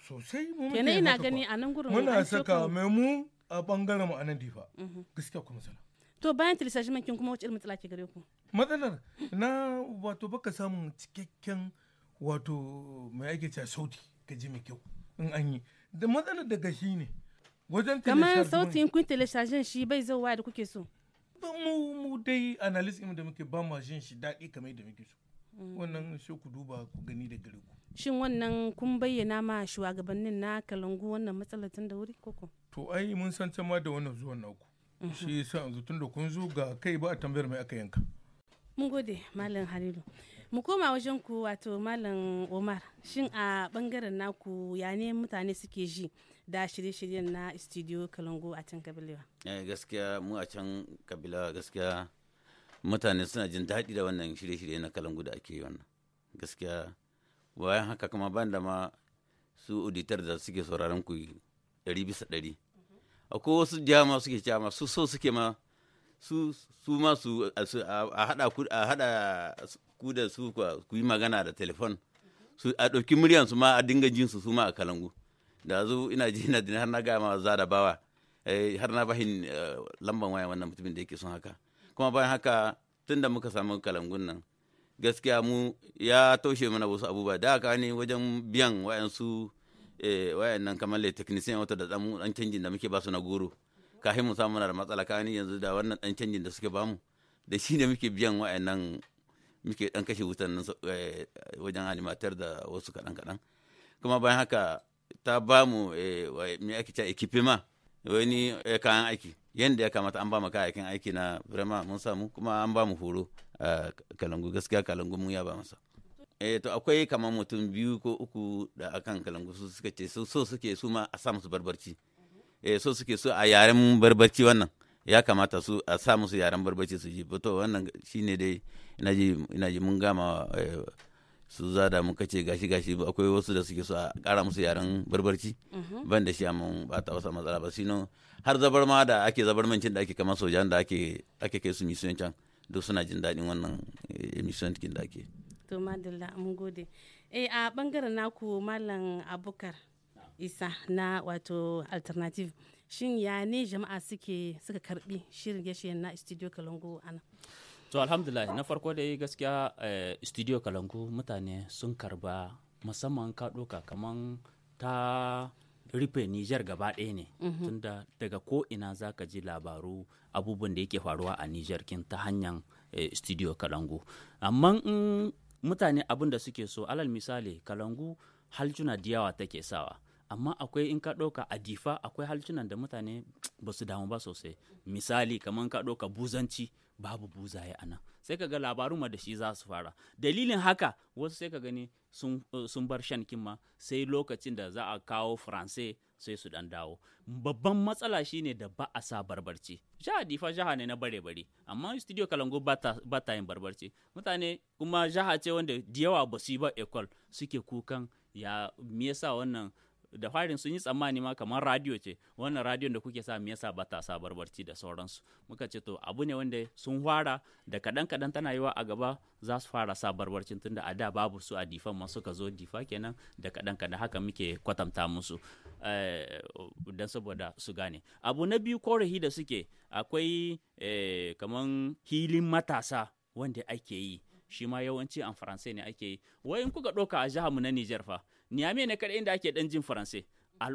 [SPEAKER 3] sosai mu kenan ina gani
[SPEAKER 2] a nan gurin muna saka
[SPEAKER 3] mai mu a bangaren mu a nan difa mhm. gaskiya kuma sana
[SPEAKER 2] to bayan tilisashiman kin kuma wace irin matsala ke gare ku
[SPEAKER 3] matsalar na wato baka samun cikakken wato mai ake cewa sauti ka ji mai kyau in an yi da matsalar daga shi ne wajen kamar sautin
[SPEAKER 2] kun teleshajen shi bai zauwa da kuke so
[SPEAKER 3] mu mu dai analyst da muke ba mu jin shi daɗi kamar da muke so mm. wannan sai ku duba ku gani da gare ku
[SPEAKER 2] shin wannan kun bayyana ma shugabannin na kalangu wannan matsalar tun da wuri koko
[SPEAKER 3] to ai mun san ma da wannan zuwan naku mm-hmm. shi yasa yanzu tun da kun zo ga kai ba a tambayar mai aka yanka
[SPEAKER 2] mun gode malam halilu mu koma wajen ku wato malam omar shin a bangaren naku ya ne mutane suke ji da shirye-shiryen na studio kalango a can kabilewa
[SPEAKER 4] eh gaskiya mu a can kabilewa gaskiya mutane suna jin daɗi da wannan shirye-shirye na kalangu da ake yi wannan gaskiya bayan haka kuma ban da ma su auditar da suke sauraron ku ɗari bisa ɗari akwai wasu jama suke jama su so suke ma su su ma su a hada ku a hada ku da su ku yi magana da telefon su a ɗauki muryan su ma a dinga jin su su ma a kalangu da zo ina ji ina har na ga ma za da bawa eh, har na bahin eh, lamban waya wannan mutumin da yake son haka kuma bayan haka tunda muka samu kalangun nan gaskiya mu ya taushe mana wasu abubuwa da haka ne wajen biyan wayansu eh, wayan nan kamar le technician wata da dan canjin da muke ba su na goro kafin mu samu da matsala kani yanzu da wannan dan canjin da suke bamu da shi ne muke biyan wa'annan muke dan kashe wutan nan eh, wajen alimatar da wasu kaɗan kadan kuma bayan haka ta bamu eh, me ake cewa ma wani eh, kayan aiki yadda ya kamata an ba mu kayayyakin aiki na birama mun samu kuma an ba mu horo a kalangu gaskiya kalangu mun ya ba masa eh to akwai kamar mutum biyu ko uku da akan kalangu su suka ce so suke su ma a sa musu barbarci eh, so suke so a yaren barbarci wannan ya kamata su a sa musu yaren barbarci su ji to wannan shine dai ina ji ina ji mun gama eh, su da muka ce gashi gashi akwai wasu da suke so a kara musu yaren barbarci mhm. ban da shi amma ba ta wasa matsala ba sino har zabar ma da ake zabar mancin da ake kamar sojan da ake ake kai su misiyon can duk suna jin daɗin wannan eh, misiyon cikin da ake
[SPEAKER 2] to madalla mun gode eh a bangaren naku mallam abukar isa na wato alternative shin ya ne jama'a suke suka karbi shirin gashiyan na studio kalangu ana
[SPEAKER 1] to alhamdulillah na farko da dai gaskiya eh, studio kalangu mutane sun karba musamman ka doka kaman ta rufe Nijar gaba ɗaya ne mhm. tunda daga ko ina za ka ji labaru abubuwan da yake faruwa a Nijar kin ta hanyar eh, studio Kalangu amma mutane abin da suke so alal misali Kalangu haljuna diyawa take sawa amma akwai in ka ɗauka a difa akwai halcinan da mutane ba su damu ba sosai misali kamar ka ɗauka buzanci babu buzaye a nan sai ka ga labarun ma da shi za su fara dalilin haka wasu sai ka gani sun, bar shan ma sai lokacin da za a kawo france sai su dan dawo babban matsala shine da ba a sa barbarci jiha difa jiha ne na bare bare amma studio kalango ba ta yin barbarci mutane kuma jiha ce wanda da yawa ba su yi ba ecole suke kukan ya me yasa wannan da farin sun yi tsammani ma kamar radio ce wannan radiyon da kuke sa me yasa ba ta sa barbarci da sauransu muka ce to abu ne wanda sun fara da kadan kadan tana yiwa a gaba za su fara sa barbarcin tunda a da babu su a difan ma suka zo difa kenan da kadan kadan haka muke kwatanta musu eh, dan saboda su gane abu na biyu korahi da suke akwai eh, kamar hilin matasa wanda ake yi shi yawanci an faransai ne ake yi wai in kuka ɗauka a jihar mu na Nijar fa Niamey ne kaɗai inda ake ɗan jin Faransai.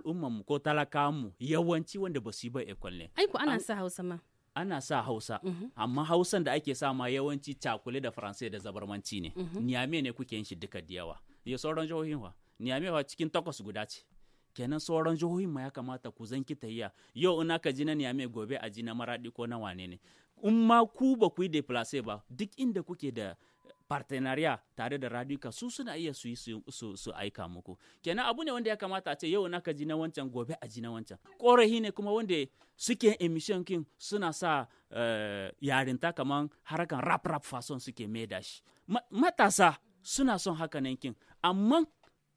[SPEAKER 1] mu ko talakawanmu yawanci wanda ba su yi ba ekol ne. Aiku
[SPEAKER 2] ana sa Hausa ma.
[SPEAKER 1] Ana sa Hausa, mhm. amma Hausan da ake sa ma yawanci cakule da Faransai da zabarmanci ne. Mhm. Niamey ne kuke yin shi duka da yawa. Ya sauran jihohin wa. Niamey wa cikin takwas guda ce. kenan sauran jihohin ma ya kamata ku zan ki tahiya yau ina ka ji na niyame gobe a ji na maraɗi ko na wane ne in ma ku ba ku yi deplace ba duk inda kuke da partenariat tare da radika su suna iya su su, aika muku kenan abu ne wanda ya kamata a ce yau naka ji na wancan gobe a ji na wancan korahi ne kuma wanda suke emission kin suna sa eh, yarinta kaman harakan rap rap fason suke maida shi matasa suna son haka nan kin amma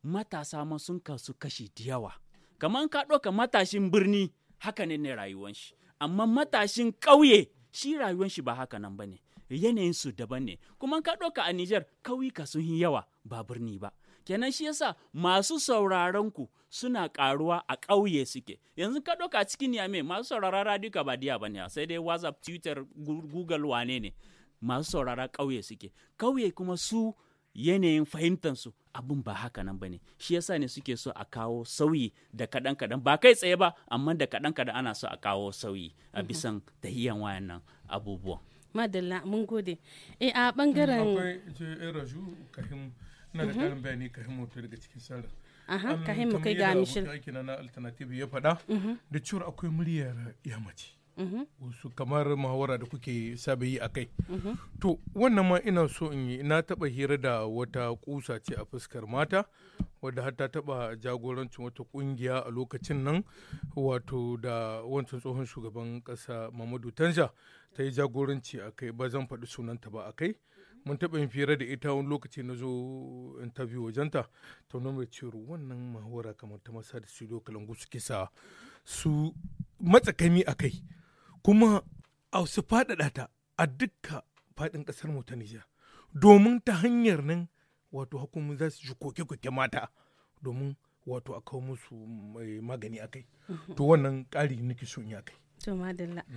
[SPEAKER 1] matasa ma sun kasu kashi da yawa kaman ka ɗauka matashin birni haka ne ne rayuwan amma matashin kauye shi rayuwan shi ba haka nan ba ne. yanayin su daban ne kuma ka ɗauka a Nijar kauyuka sun yi yawa ba birni ba kenan shi yasa masu sauraron ku suna karuwa a ƙauye suke yanzu ka ɗauka cikin yame masu sauraron ka ba diya ba ne sai dai whatsapp twitter google wane ne masu saurara ƙauye suke kauye kuma su yanayin fahimtansu abun ba haka nan ba ne shi yasa ne suke so a kawo sauyi da kaɗan kaɗan ba kai tsaye ba amma da kaɗan kaɗan ana so a kawo sauyi a mhm. bisan tahiyan wayannan
[SPEAKER 3] abubuwan
[SPEAKER 2] madalla mun gode eh a bangaren mm, akwai
[SPEAKER 3] ce raju kahim na da karin mhm. bayani kahim wato daga cikin sarar aha kahim kai ga mishil kamar yadda na alternative ya fada mhm. da cewar akwai muryar yamaci Mm-hmm. wasu kamar muhawara da kuke sabayi yi a kai mm-hmm. to wannan ma ina so in yi na taɓa hira da wata ƙusa ce a fuskar mata wadda har ta taɓa jagorancin wata ƙungiya a lokacin nan wato da wancan tsohon shugaban ƙasa mamadu tanja ta yi jagoranci a kai ba zan faɗi sunanta ba a kai mun taɓa yin fira da ita wani lokaci na zo interview wajenta ta nuna ciro wannan mahawara kamar ta masa da studio kalangu suke sa su matsakami a kai kuma a su faɗaɗa ta a duka faɗin ƙasar mu ta Nijar domin ta hanyar nan wato hukumomi za su ji koke-koke mata domin wato a kawo musu eh, magani akai mhm. to wannan ƙari nake so in kai
[SPEAKER 2] to madalla mm.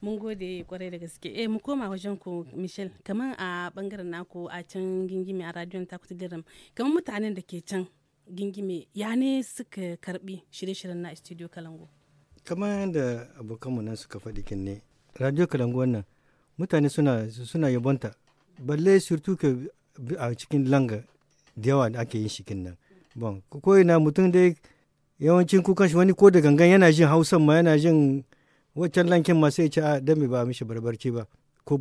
[SPEAKER 2] mun gode kwarai da gaske eh mu koma wajen ku michel kaman a bangaren naku a can gingime a radiyon ta kuta diram kaman mutanen da ke can gingime ya ne suka karbi shirye-shiryen na studio kalango
[SPEAKER 5] kamar yadda abokanmu na suka faɗi kin ne radio kalangu wannan mutane suna suna yabonta balle surtout ke a cikin langa da yawa da ake yin shi kin nan bon ko ina mutum dai yawancin kukan shi wani ko da gangan yana jin hausan ma yana jin waccan lankin ma sai ce a ah, dame ba a mishi barbarci ba ko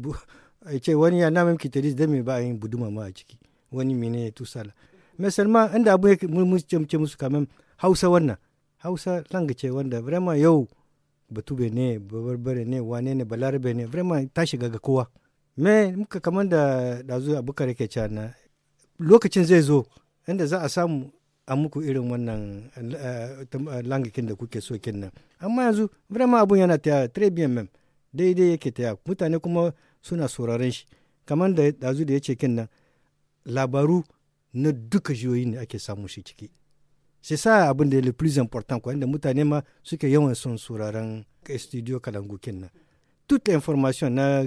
[SPEAKER 5] a ce wani ya na mamki tadis ba a yin buduma ma a ciki wani mene ya tusala musamman inda abu ya mu musu kamar hausa wannan hausa langace ce wanda vraiment yau batube ne babarbare ne wane ne balarabe ne vraiment ta shiga ga kowa me muka kamar da dazu abubakar yake cana lokacin zai zo inda za a samu a muku irin wannan eh, langakin da kuke so kin nan amma yanzu vraiment abun yana taya trebian mem daidai yake taya mutane kuma suna sauraron shi kamar da dazu da ya ce kin nan labaru na duka jiyoyi ne ake samu shi ciki c'est sa abin da le plus important kuwa inda mutane ma suke yawan son suraren studio kalangu nan toute information na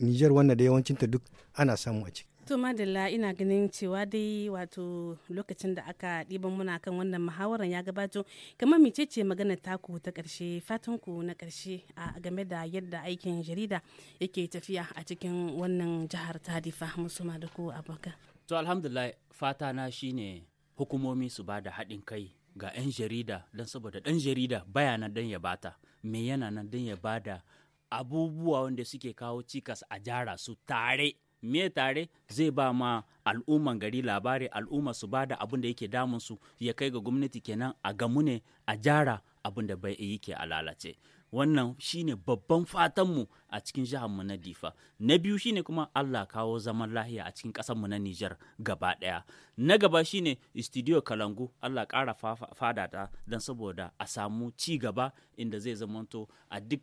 [SPEAKER 5] Niger wannan da yawancin ta duk ana samu a ciki
[SPEAKER 2] to madalla ina ganin cewa dai wato lokacin da aka ɗiban muna kan wannan muhawaran ya gabato kamar mice ce magana taku ta ƙarshe fatan ku na ƙarshe a game da yadda aikin jarida yake tafiya a cikin wannan jihar ta difa musuma da ku abokan
[SPEAKER 1] to alhamdulillah fata na shine hukumomi su ba da haɗin kai ga 'yan jarida don saboda ɗan jarida baya nan don ya bata me yana nan don ya ba da abubuwa wanda suke kawo cikas a jara su tare me tare zai ba ma al'umman gari labari al'umma su ba da abin da yake damunsu ya kai ga gwamnati kenan a gamu ne a jara abin da bai yi ke a lalace wannan shine babban fatanmu a cikin mu na difa na biyu shine kuma allah kawo zaman lahiya a cikin mu na nijar gaba ɗaya na gaba shine studio kalangu allah ƙara fadata don saboda a samu ci gaba inda zai zamanto a duk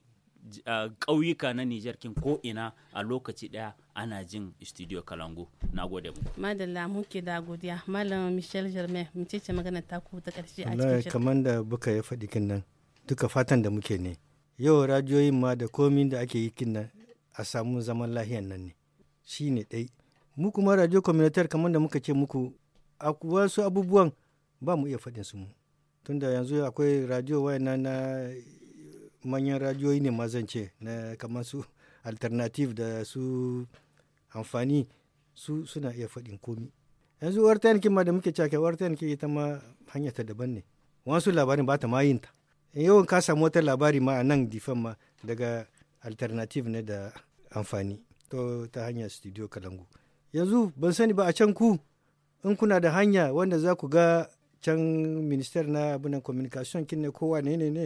[SPEAKER 1] ƙauyuka na Nijar kin ko ina a lokaci ɗaya ana jin studio kalangu Na gode mu.
[SPEAKER 2] Madalla muke da godiya. Malam Michel Germain, mu ce magana ta ku ta ƙarshe a cikin shirin.
[SPEAKER 5] kamar da buka ya faɗi kin nan, duka fatan da muke ne. yau radiyoyin ma da komin da ake yi kinnan a samu zaman lahiyan nan ne shi ne ɗai mu kuma radio communitar kamar da muka ce muku a wasu abubuwan ba mu iya faɗin su mu tunda yanzu akwai radio wayana na manyan radiyoyi ne ma ce na kamar su alternative da su amfani su suna iya faɗin komi yanzu wartayan ma da muke cake wartayan ita ma hanyar ta daban ne wasu labarin ba ta mayinta yawan ka samu wata labari ma a nan difan ma daga alternative ne da amfani to ta hanyar studio kalangu yanzu ban sani ba a can ku in kuna da hanya wanda za ku ga can minister na abunan communication kin ne kowa ne ne ne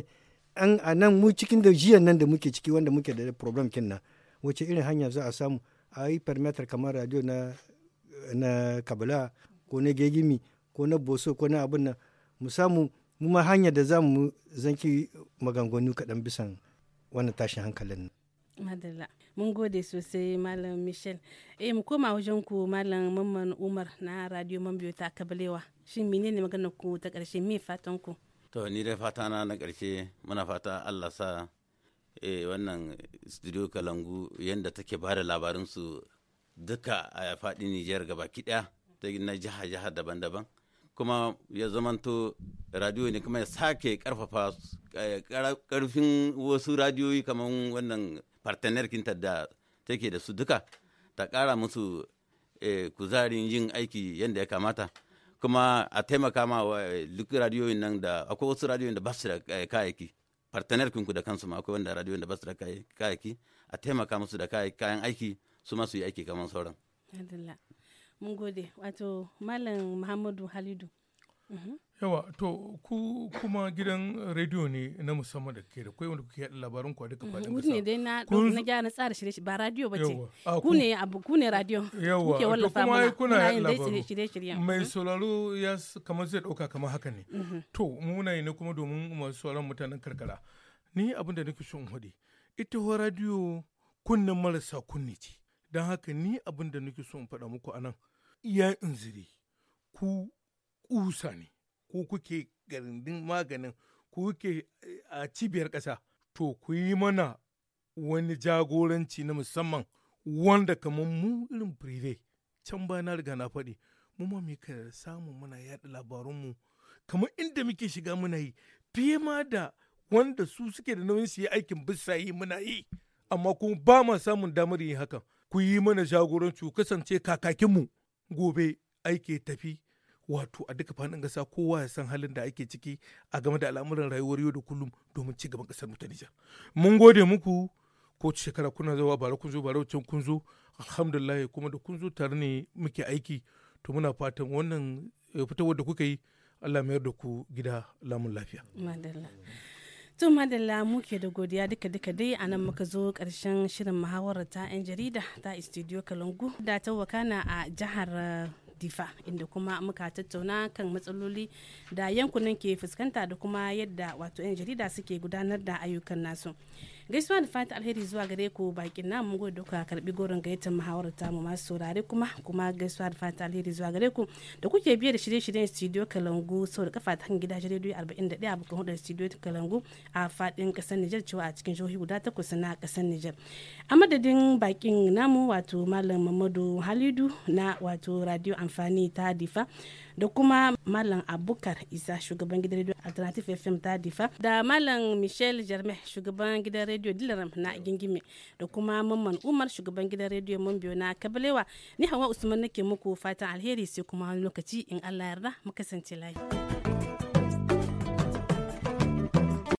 [SPEAKER 5] an a nan mu cikin da jiyan nan da muke ciki wanda muke da problem kin nan wace irin hanya za a samu a yi permitter kamar radio na na kabila ko na gegimi ko na boso ko na abin nan mu samu mu ma hanya da za mu zanki maganganu kaɗan bisan wannan tashin hankalin
[SPEAKER 2] madalla mun gode sosai malam michel eh mu koma wajen ku malam mamman umar na radio mambiyo ta kabalewa shin menene maganar ku ta ƙarshe me fatan ku
[SPEAKER 4] to ni dai fata na na ƙarshe muna fata allah sa eh wannan studio kalangu yanda take ba da su duka a faɗin nijar gaba kiɗa ta na jiha-jiha daban-daban kuma ya zamanto radiyo ne kuma ya sake karfafa karfin eh, wasu radiyoyi kamar wannan partner kinta da take da su duka ta kara musu eh, kuzarin yin aiki yadda ya kamata kuma a taimaka ma eh, duk radiyoyin nan da akwai wasu radiyoyin da ba su da kayayyaki partner kinku da kansu ma akwai wanda radiyoyin da ba su da kayayyaki a taimaka musu da kayan aiki su masu su yi aiki kamar sauran.
[SPEAKER 2] Mun gode, wato Malam Muhammadu Halidu. Mm-hmm.
[SPEAKER 3] yawa to ku kuma gidan rediyo ne na musamman da ke da kai wanda kuke yaɗa labarin ku a duka mm-hmm. faɗin kasa ne dai na na
[SPEAKER 2] gyara na tsara shirye ba radio ba ce ku ne abu ku ne radio yawa kuke wallafa mana kuna yin dai shirye shirye mai
[SPEAKER 3] mm-hmm. sauraro ya kamar zai ɗauka kamar haka ne to muna yi ne kuma domin masu sauraron mutanen karkara ni abin da nake so in hode ita ho radio kunnen marasa kunne ce don haka ni abin da nake so in faɗa muku anan iya inziri ku kusa ne ko kuke garindin maganin ko kuke eh, a cibiyar ƙasa to ku yi mana wani jagoranci na musamman wanda kamar mu irin fire can ba na riga na faɗi mu ma muka samu muna yaɗa labarunmu kamar inda muke shiga muna yi fiye ma da wanda su suke da nauyin su yi aikin bisa yi muna yi amma kuma ba ma samun damar yin hakan ku yi mana jagoranci kasance kakakinmu gobe aiki tafi wato a duka faɗin ƙasa kowa ya san halin da ake ciki a game da al'amuran rayuwar yau da kullum domin ci gaban ƙasar mu ta Nijar. Mun gode muku ko shekara kuna zawa bara kun zo bara wancan kun zo alhamdulillah kuma da kun zo tare ne muke aiki to muna fatan wannan eh, fitowar da kuka yi Allah mayar da ku gida lamun lafiya.
[SPEAKER 2] Madalla. To madalla muke da godiya duka duka dai a nan muka zo karshen shirin muhawarar ta 'yan jarida ta studio Kalangu da ta wakana a jihar difa inda kuma muka tattauna kan matsaloli da yankunan ke fuskanta da kuma yadda wato 'yan jarida suke gudanar da ayyukan nasu gaisuwa da fata alheri zuwa gare ku bakin namu mun gode duka karbi goron gayyatar muhawarar tamu masu saurare kuma kuma gaisuwa da fata alheri zuwa gare ku da kuke biye da shirye-shiryen studio Kalangu sau da kafa ta kan gidajen rediyo 41 a bakan hudar studio Kalangu a fadin kasar Nijar cewa a cikin jihohi guda takwas na kasar Nijar a madadin bakin namu wato Malam Mamadu Halidu na wato radio amfani ta Difa da kuma malam abukar isa shugaban gidan radio alternative fm ta difa da malam michel germain shugaban gidan radio dilaram na gingime da kuma mamman umar shugaban gidan radio biyo na kabalewa ni hawa usman nake muku fatan alheri sai kuma lokaci in allah yarda mu kasance lafiya